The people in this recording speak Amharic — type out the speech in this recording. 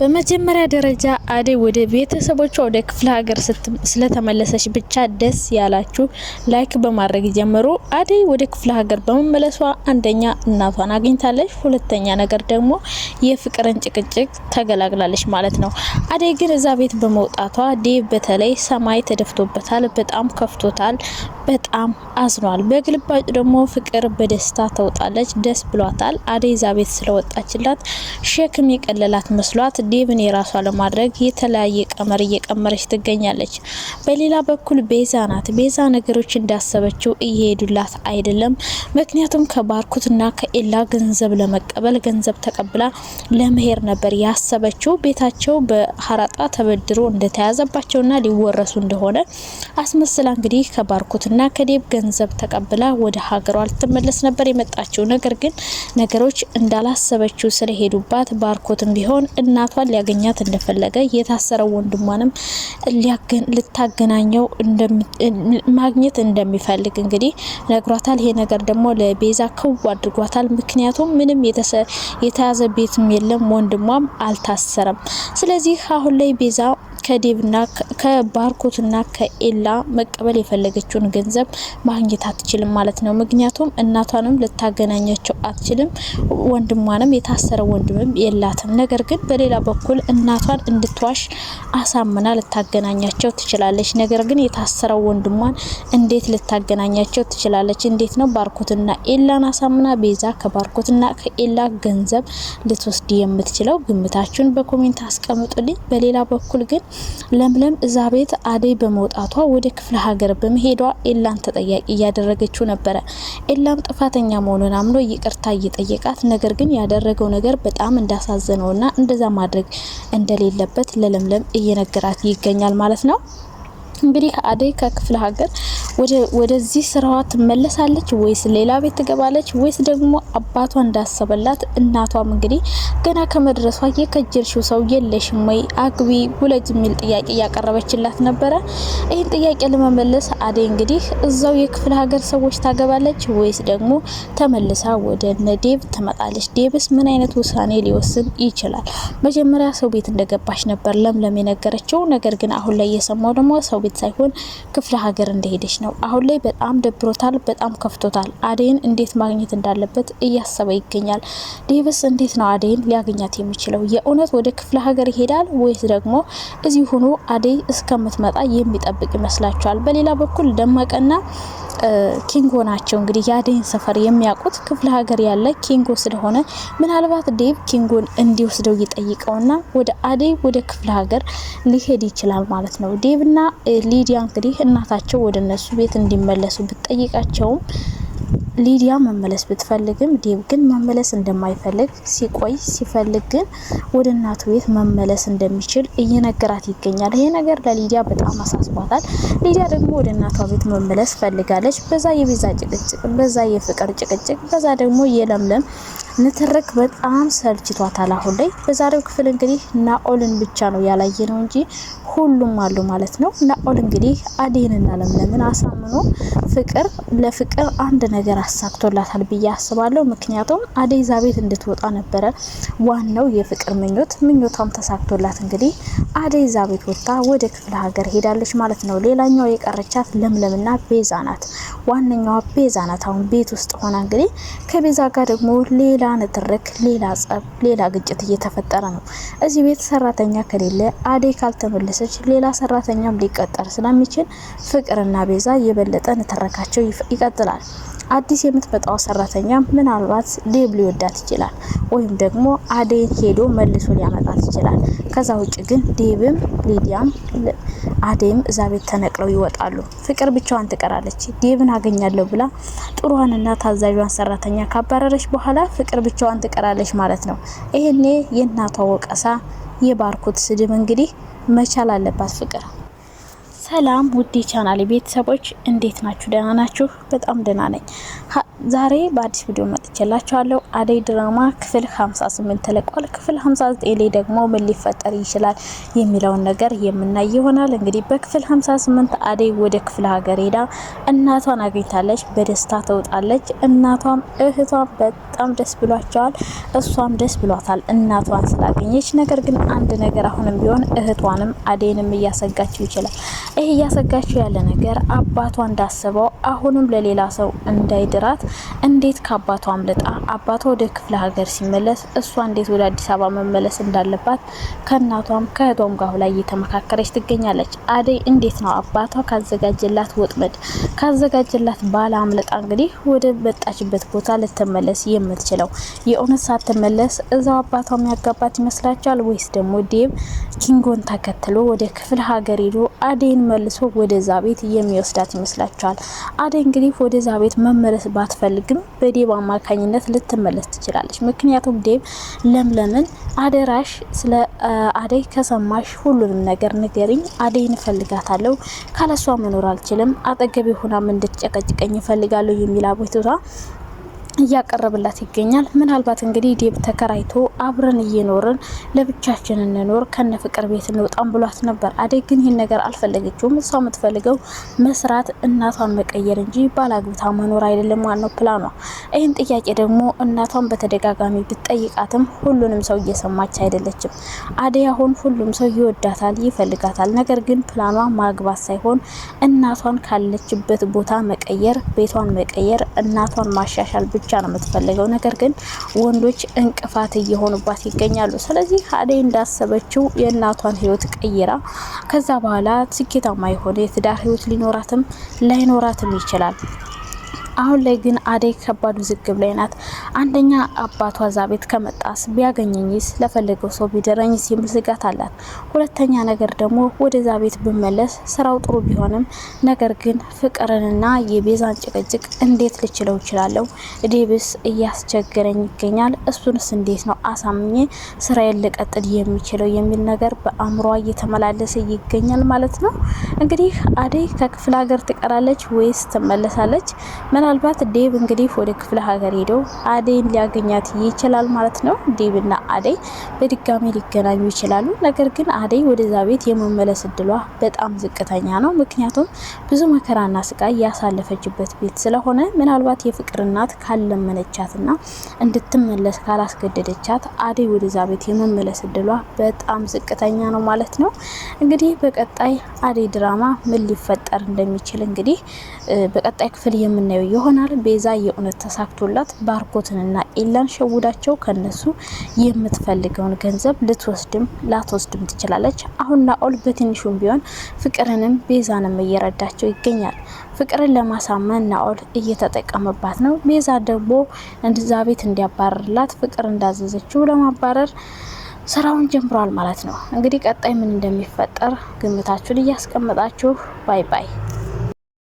በመጀመሪያ ደረጃ አደይ ወደ ቤተሰቦቿ ወደ ክፍለ ሀገር ስለተመለሰች ብቻ ደስ ያላችሁ ላይክ በማድረግ ጀምሩ። አደይ ወደ ክፍለ ሀገር በመመለሷ አንደኛ እናቷን አግኝታለች፣ ሁለተኛ ነገር ደግሞ የፍቅርን ጭቅጭቅ ተገላግላለች ማለት ነው። አደይ ግን እዛ ቤት በመውጣቷ ዴቭ በተለይ ሰማይ ተደፍቶበታል፣ በጣም ከፍቶታል፣ በጣም አዝኗል። በግልባጭ ደግሞ ፍቅር በደስታ ተውጣለች፣ ደስ ብሏታል። አደይ እዛ ቤት ስለወጣችላት ሸክም የቀለላት መስሏት ዴብን የራሷ ለማድረግ የተለያየ ቀመር እየቀመረች ትገኛለች። በሌላ በኩል ቤዛ ናት። ቤዛ ነገሮች እንዳሰበችው እየሄዱላት አይደለም። ምክንያቱም ከባርኩትና ከኤላ ገንዘብ ለመቀበል ገንዘብ ተቀብላ ለመሄድ ነበር ያሰበችው። ቤታቸው በሀራጣ ተበድሮ እንደተያዘባቸውና ሊወረሱ እንደሆነ አስመስላ እንግዲህ ከባርኩትና ከዴብ ገንዘብ ተቀብላ ወደ ሀገሯ ልትመለስ ነበር የመጣችው። ነገር ግን ነገሮች እንዳላሰበችው ስለሄዱባት ባርኮትም ቢሆን እናቷ እናቷን ሊያገኛት እንደፈለገ የታሰረው ወንድሟንም ልታገናኘው ማግኘት እንደሚፈልግ እንግዲህ ነግሯታል። ይሄ ነገር ደግሞ ለቤዛ ክው አድርጓታል። ምክንያቱም ምንም የተያዘ ቤትም የለም፣ ወንድሟም አልታሰረም። ስለዚህ አሁን ላይ ቤዛ ከዴብና ከባርኮትና ከኤላ መቀበል የፈለገችውን ገንዘብ ማግኘት አትችልም ማለት ነው። ምክንያቱም እናቷንም ልታገናኛቸው አትችልም፣ ወንድሟንም የታሰረ ወንድምም የላትም። ነገር ግን በሌላ በኩል እናቷን እንድትዋሽ አሳምና ልታገናኛቸው ትችላለች። ነገር ግን የታሰረው ወንድሟን እንዴት ልታገናኛቸው ትችላለች? እንዴት ነው ባርኮትና ኤላን አሳምና ቤዛ ከባርኮትና ከኤላ ገንዘብ ልትወስድ የምትችለው? ግምታችሁን በኮሜንት አስቀምጡልኝ። በሌላ በኩል ግን ለምለም እዛ ቤት አደይ በመውጣቷ ወደ ክፍለ ሀገር በመሄዷ ኤላን ተጠያቂ እያደረገችው ነበረ። ኤላም ጥፋተኛ መሆኑን አምኖ ይቅርታ እየጠየቃት ነገር ግን ያደረገው ነገር በጣም እንዳሳዘነውና እንደዛ ማድረግ እንደሌለበት ለለምለም እየነገራት ይገኛል ማለት ነው። እንግዲህ አደይ ከክፍለ ሀገር ወደዚህ ስራዋ ትመለሳለች ወይስ ሌላ ቤት ትገባለች ወይስ ደግሞ አባቷ እንዳሰበላት እናቷም እንግዲህ ገና ከመድረሷ የከጀልሽው ሰው የለሽም ወይ አግቢ ውለጅ የሚል ጥያቄ እያቀረበችላት ነበረ። ይህን ጥያቄ ለመመለስ አደይ እንግዲህ እዛው የክፍለ ሀገር ሰዎች ታገባለች ወይስ ደግሞ ተመልሳ ወደ ነዴብ ትመጣለች? ዴብስ ምን አይነት ውሳኔ ሊወስን ይችላል? መጀመሪያ ሰው ቤት እንደገባች ነበር ለምለም የነገረችው። ነገር ግን አሁን ላይ የሰማው ደግሞ ሰው ቤት ሳይሆን ክፍለ ሀገር እንደሄደች ነው። አሁን ላይ በጣም ደብሮታል፣ በጣም ከፍቶታል። አደይን እንዴት ማግኘት እንዳለበት እያሰበ ይገኛል። ዴቭስ እንዴት ነው አደይን ሊያገኛት የሚችለው? የእውነት ወደ ክፍለ ሀገር ይሄዳል ወይስ ደግሞ እዚህ ሆኖ አደይ እስከምትመጣ የሚጠብቅ ይመስላችኋል? በሌላ በኩል ደመቀና ኪንጎ ናቸው እንግዲህ የአደይን ሰፈር የሚያውቁት ክፍለ ሀገር ያለ ኪንጎ ስለሆነ ምናልባት ዴቭ ኪንጎን እንዲወስደው ይጠይቀውና ወደ አደይ ወደ ክፍለ ሀገር ሊሄድ ይችላል ማለት ነው ዴቭና ሊዲያ እንግዲህ እናታቸው ወደ እነሱ ቤት እንዲመለሱ ብትጠይቃቸውም ሊዲያ መመለስ ብትፈልግም ዴብ ግን መመለስ እንደማይፈልግ ሲቆይ ሲፈልግ ግን ወደ እናቱ ቤት መመለስ እንደሚችል እየነገራት ይገኛል። ይሄ ነገር ለሊዲያ በጣም አሳስቧታል። ሊዲያ ደግሞ ወደ እናቷ ቤት መመለስ ፈልጋለች። በዛ የቤዛ ጭቅጭቅ፣ በዛ የፍቅር ጭቅጭቅ፣ በዛ ደግሞ የለምለም ንትርክ በጣም ሰልችቷታል አሁን ላይ። በዛሬው ክፍል እንግዲህ ናኦልን ብቻ ነው ያላየ ነው እንጂ ሁሉም አሉ ማለት ነው። ናኦል እንግዲህ አዴንና ለምለምን አሳምኖ ፍቅር ለፍቅር አንድ ነገር አሳክቶላታል ብዬ አስባለሁ። ምክንያቱም አዴ ዛቤት ቤት እንድትወጣ ነበረ ዋናው የፍቅር ምኞት። ምኞቷም ተሳክቶላት እንግዲህ አዴ ዛቤት ቤት ወጥታ ወደ ክፍለ ሀገር ሄዳለች ማለት ነው። ሌላኛው የቀረቻት ለምለምና ቤዛ ናት። ዋነኛዋ ቤዛ ናት አሁን ቤት ውስጥ ሆና እንግዲህ ከቤዛ ጋር ደግሞ ሌላ ንትርክ፣ ሌላ ጸብ፣ ሌላ ግጭት እየተፈጠረ ነው። እዚህ ቤት ሰራተኛ ከሌለ አዴ ካልተመለሰች ሌላ ሰራተኛም ሊቀጠር ስለሚችል ፍቅርና ቤዛ የበለጠ ንትርካቸው ይቀጥላል። አዲስ የምትመጣው ሰራተኛ ምናልባት ዴብ ሊወዳት ይችላል፣ ወይም ደግሞ አደይን ሄዶ መልሶ ሊያመጣት ይችላል። ከዛ ውጭ ግን ዴብም ሊዲያም አዴም እዛ ቤት ተነቅለው ይወጣሉ። ፍቅር ብቻዋን ትቀራለች። ዴብን አገኛለሁ ብላ ጥሩዋንና ታዛዧን ሰራተኛ ካባረረች በኋላ ፍቅር ፍቅር ብቻዋን ትቀራለች ማለት ነው። ይሄኔ የእናቷ ወቀሳ፣ የባርኮት ስድብ እንግዲህ መቻል አለባት ፍቅር። ሰላም ውዴ ቻናል ቤተሰቦች እንዴት ናችሁ? ደህና ናችሁ? በጣም ደህና ነኝ። ዛሬ በአዲስ ቪዲዮ መጥቼላችኋለሁ። አደይ ድራማ ክፍል 58 ተለቋል። ክፍል 59 ላይ ደግሞ ምን ሊፈጠር ይችላል የሚለውን ነገር የምናይ ይሆናል። እንግዲህ በክፍል 58 አደይ ወደ ክፍለ ሀገር ሄዳ እናቷን አግኝታለች። በደስታ ተውጣለች። እናቷም እህቷም በጣም ደስ ብሏቸዋል። እሷም ደስ ብሏታል እናቷን ስላገኘች። ነገር ግን አንድ ነገር አሁንም ቢሆን እህቷንም አደይንም እያሰጋችው ይችላል። ይህ እያሰጋችው ያለ ነገር አባቷ እንዳስበው አሁንም ለሌላ ሰው እንዳይድራት እንዴት ከአባቷ አምልጣ አባቷ ወደ ክፍለ ሀገር ሲመለስ እሷ እንዴት ወደ አዲስ አበባ መመለስ እንዳለባት ከእናቷም ከእህቷም ጋር ላይ እየተመካከረች ትገኛለች። አደይ እንዴት ነው አባቷ ካዘጋጀላት ወጥመድ ካዘጋጀላት ባለ አምለጣ እንግዲህ ወደ በጣችበት ቦታ ልትመለስ የምትችለው የእውነት ሳትመለስ እዛው አባቷ የሚያጋባት ይመስላችኋል? ወይስ ደግሞ ዴብ ኪንጎን ተከትሎ ወደ ክፍለ ሀገር ሄዶ አደይን መልሶ ወደዛ ቤት የሚወስዳት ይመስላችኋል? አደይ እንግዲህ ወደዛ ቤት መመለስ ባትፈልግም በዴብ አማካኝነት ልትመለስ ትችላለች። ምክንያቱም ዴብ ለምለምን አደራሽ ስለ አደይ ከሰማሽ ሁሉንም ነገር ንገሪኝ፣ አደይን እፈልጋታለሁ፣ ካለሷ መኖር አልችልም፣ አጠገቤ ሆናም እንድትጨቀጭቀኝ እፈልጋለሁ የሚል አቤቱታ እያቀረብላት ይገኛል። ምናልባት እንግዲህ ዴብ ተከራይቶ አብረን እየኖርን ለብቻችን እንኖር ከነ ፍቅር ቤት እንውጣም ብሏት ነበር። አደይ ግን ይህን ነገር አልፈለገችውም። እሷ የምትፈልገው መስራት፣ እናቷን መቀየር እንጂ ባላግብታ መኖር አይደለም ማለት ነው ፕላኗ። ይህን ጥያቄ ደግሞ እናቷን በተደጋጋሚ ብትጠይቃትም ሁሉንም ሰው እየሰማች አይደለችም። አደይ አሁን ሁሉም ሰው ይወዳታል፣ ይፈልጋታል። ነገር ግን ፕላኗ ማግባት ሳይሆን እናቷን ካለችበት ቦታ መቀየር፣ ቤቷን መቀየር፣ እናቷን ማሻሻል ብቻ ነው የምትፈልገው። ነገር ግን ወንዶች እንቅፋት እየሆኑባት ይገኛሉ። ስለዚህ አደይ እንዳሰበችው የእናቷን ህይወት ቀይራ ከዛ በኋላ ስኬታማ የሆነ የትዳር ህይወት ሊኖራትም ላይኖራትም ይችላል። አሁን ላይ ግን አደይ ከባድ ውዝግብ ላይ ናት። አንደኛ አባቷ እዛ ቤት ከመጣስ ቢያገኘኝስ፣ ለፈለገው ሰው ቢደረኝስ የሚል ስጋት አላት። ሁለተኛ ነገር ደግሞ ወደዛ ቤት ብመለስ ስራው ጥሩ ቢሆንም ነገር ግን ፍቅርንና የቤዛን ጭቅጭቅ እንዴት ልችለው እችላለሁ? ዴብስ እያስቸገረኝ ይገኛል። እሱንስ እንዴት ነው አሳምኜ ስራዬን ልቀጥል የሚችለው የሚል ነገር በአእምሯ እየተመላለሰ ይገኛል ማለት ነው። እንግዲህ አደይ ከክፍለ ሀገር ትቀራለች ወይስ ትመለሳለች? ምናልባት ዴብ እንግዲህ ወደ ክፍለ ሀገር ሄዶ አደይን ሊያገኛት ይችላል ማለት ነው። ዴብና አደይ በድጋሚ ሊገናኙ ይችላሉ። ነገር ግን አደይ ወደዛ ቤት የመመለስ እድሏ በጣም ዝቅተኛ ነው። ምክንያቱም ብዙ መከራና ስቃይ ያሳለፈችበት ቤት ስለሆነ ምናልባት የፍቅር እናት ካለመነቻትና እንድትመለስ ካላስገደደቻት አደይ ወደዛ ቤት የመመለስ እድሏ በጣም ዝቅተኛ ነው ማለት ነው። እንግዲህ በቀጣይ አደይ ድራማ ምን ሊፈጠር እንደሚችል እንግዲህ በቀጣይ ክፍል የምናየው ይሆናል። ቤዛ የእውነት ተሳክቶላት ባርኮትንና ኤላን ሸውዳቸው ከነሱ የምትፈልገውን ገንዘብ ልትወስድም ላትወስድም ትችላለች። አሁን ናኦል በትንሹም ቢሆን ፍቅርንም ቤዛንም እየረዳቸው ይገኛል። ፍቅርን ለማሳመን ናኦል እየተጠቀመባት ነው። ቤዛ ደግሞ እንዛ ቤት እንዲያባረርላት ፍቅር እንዳዘዘችው ለማባረር ስራውን ጀምሯል ማለት ነው። እንግዲህ ቀጣይ ምን እንደሚፈጠር ግምታችሁን እያስቀመጣችሁ ባይ ባይ